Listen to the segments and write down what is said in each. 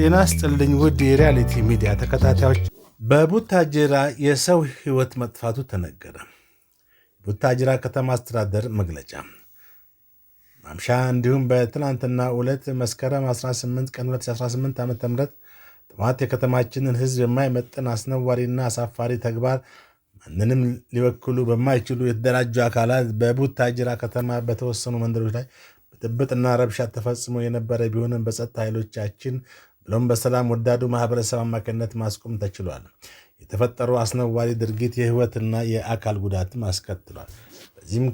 ጤና ስጥልኝ ውድ የሪያሊቲ ሚዲያ ተከታታዮች። በቡታጅራ የሰው ህይወት መጥፋቱ ተነገረ። ቡታጅራ ከተማ አስተዳደር መግለጫ ማምሻ እንዲሁም በትናንትና ዕለት መስከረም 18 ቀን 2018 ዓ ም ጥማት የከተማችንን ህዝብ የማይመጥን አስነዋሪና አሳፋሪ ተግባር ማንንም ሊወክሉ በማይችሉ የተደራጁ አካላት በቡታጅራ ከተማ በተወሰኑ መንደሮች ላይ ብጥብጥና ረብሻ ተፈጽሞ የነበረ ቢሆንም በጸጥታ ኃይሎቻችን ብሎም በሰላም ወዳዱ ማህበረሰብ አማካኝነት ማስቆም ተችሏል። የተፈጠሩ አስነዋሪ ድርጊት የህይወትና የአካል ጉዳትም አስከትሏል። በዚህም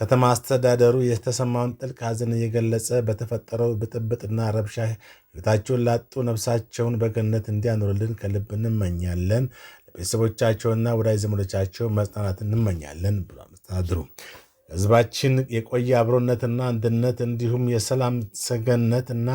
ከተማ አስተዳደሩ የተሰማውን ጥልቅ ሐዘን እየገለጸ በተፈጠረው ብጥብጥና ረብሻ ህይወታቸውን ላጡ ነፍሳቸውን በገነት እንዲያኖርልን ከልብ እንመኛለን። ለቤተሰቦቻቸውና ወዳጅ ዘመዶቻቸው መጽናናት እንመኛለን ብሎ መስተዳድሩ ህዝባችን የቆየ አብሮነትና አንድነት እንዲሁም የሰላም ሰገነት እና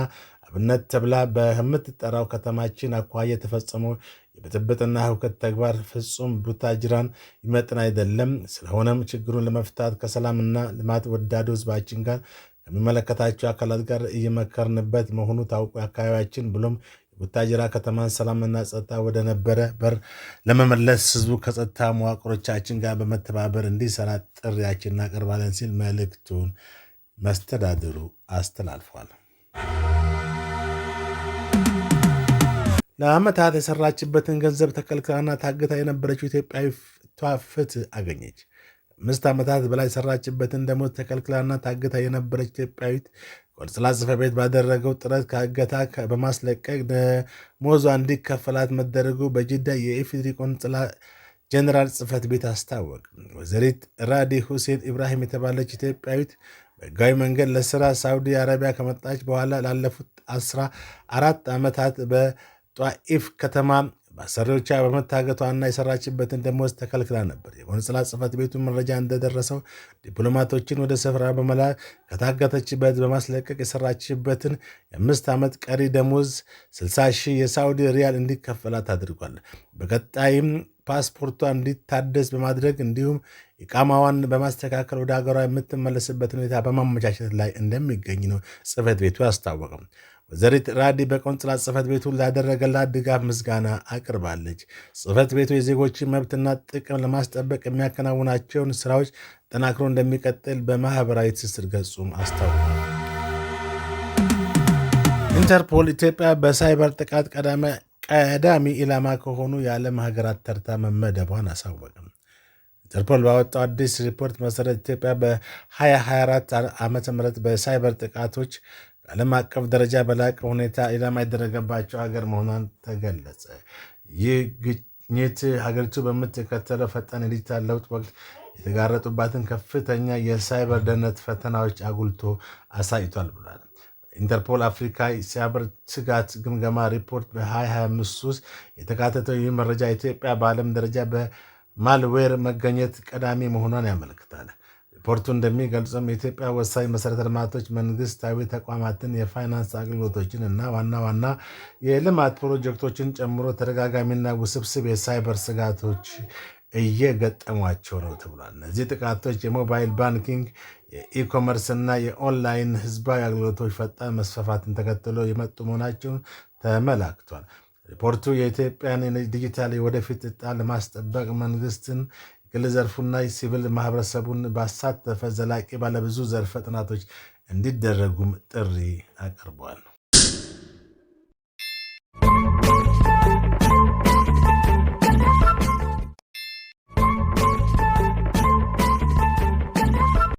አብነት ተብላ በምትጠራው ከተማችን አኳያ የተፈጸመው የብጥብጥና ህውከት ተግባር ፍጹም ቡታጅራን ይመጥን አይደለም። ስለሆነም ችግሩን ለመፍታት ከሰላምና ልማት ወዳዱ ህዝባችን ጋር ከሚመለከታቸው አካላት ጋር እየመከርንበት መሆኑ ታውቁ አካባቢያችን ብሎም የቡታጅራ ከተማን ሰላምና ጸጥታ ወደ ነበረ በር ለመመለስ ህዝቡ ከጸጥታ መዋቅሮቻችን ጋር በመተባበር እንዲሰራ ጥሪያችን እናቀርባለን ሲል መልእክቱን መስተዳድሩ አስተላልፏል። ለአመታት የሰራችበትን ገንዘብ ተከልክላና ታግታ የነበረችው ኢትዮጵያዊ ፍትህ አገኘች። አምስት ዓመታት በላይ የሰራችበትን ደሞዝ ተከልክላና ታግታ የነበረች ኢትዮጵያዊት ቆንስላ ጽሕፈት ቤት ባደረገው ጥረት ከእገታ በማስለቀቅ ደሞዟ እንዲከፈላት መደረጉ በጅዳ የኢፌዴሪ ቆንስላ ጀኔራል ጽሕፈት ቤት አስታወቅ። ወይዘሪት ራዲ ሁሴን ኢብራሂም የተባለች ኢትዮጵያዊት በህጋዊ መንገድ ለስራ ሳውዲ አረቢያ ከመጣች በኋላ ላለፉት አስራ አራት ዓመታት በ ጧኢፍ ከተማ በአሰሪዎቿ በመታገቷና የሰራችበትን ደሞዝ ተከልክላ ነበር። የቆንስላ ጽሕፈት ቤቱ መረጃ እንደደረሰው ዲፕሎማቶችን ወደ ስፍራ በመላክ ከታገተችበት በማስለቀቅ የሰራችበትን የአምስት ዓመት ቀሪ ደሞዝ 60 ሺህ የሳውዲ ሪያል እንዲከፈላት አድርጓል። በቀጣይም ፓስፖርቷ እንዲታደስ በማድረግ እንዲሁም ኢቃማዋን በማስተካከል ወደ ሀገሯ የምትመለስበት ሁኔታ በማመቻቸት ላይ እንደሚገኝ ነው ጽህፈት ቤቱ ያስታወቀም። ወይዘሪት ራዲ በቆንጽላት ጽህፈት ቤቱ ላደረገላት ድጋፍ ምስጋና አቅርባለች። ጽህፈት ቤቱ የዜጎችን መብትና ጥቅም ለማስጠበቅ የሚያከናውናቸውን ስራዎች ጠናክሮ እንደሚቀጥል በማህበራዊ ትስስር ገጹም አስታውቋል። ኢንተርፖል ኢትዮጵያ በሳይበር ጥቃት ቀዳሚ ቀዳሚ ኢላማ ከሆኑ የዓለም ሀገራት ተርታ መመደቧን አሳወቅም። ኢንተርፖል ባወጣው አዲስ ሪፖርት መሰረት ኢትዮጵያ በ2024 ዓ ም በሳይበር ጥቃቶች ከዓለም አቀፍ ደረጃ በላቀ ሁኔታ ኢላማ የደረገባቸው ሀገር መሆኗን ተገለጸ። ይህ ግኝት ሀገሪቱ በምትከተለው ፈጣን የዲጂታል ለውጥ ወቅት የተጋረጡባትን ከፍተኛ የሳይበር ደህንነት ፈተናዎች አጉልቶ አሳይቷል ብሏል። ኢንተርፖል አፍሪካ የሳይበር ስጋት ግምገማ ሪፖርት በ2025 ውስጥ የተካተተው ይህ መረጃ ኢትዮጵያ በዓለም ደረጃ በማልዌር መገኘት ቀዳሚ መሆኗን ያመለክታል። ሪፖርቱ እንደሚገልጸውም የኢትዮጵያ ወሳኝ መሰረተ ልማቶች፣ መንግስታዊ ተቋማትን፣ የፋይናንስ አገልግሎቶችን እና ዋና ዋና የልማት ፕሮጀክቶችን ጨምሮ ተደጋጋሚና ውስብስብ የሳይበር ስጋቶች እየገጠሟቸው ነው ተብሏል። እነዚህ ጥቃቶች የሞባይል ባንኪንግ፣ የኢኮመርስ እና የኦንላይን ህዝባዊ አገልግሎቶች ፈጣን መስፋፋትን ተከትሎ የመጡ መሆናቸውን ተመላክቷል። ሪፖርቱ የኢትዮጵያን ዲጂታል ወደፊት ጣ ለማስጠበቅ መንግስትን ግል ዘርፉና ሲቪል ማህበረሰቡን ባሳተፈ ዘላቂ ባለብዙ ዘርፈ ጥናቶች እንዲደረጉም ጥሪ አቅርቧል።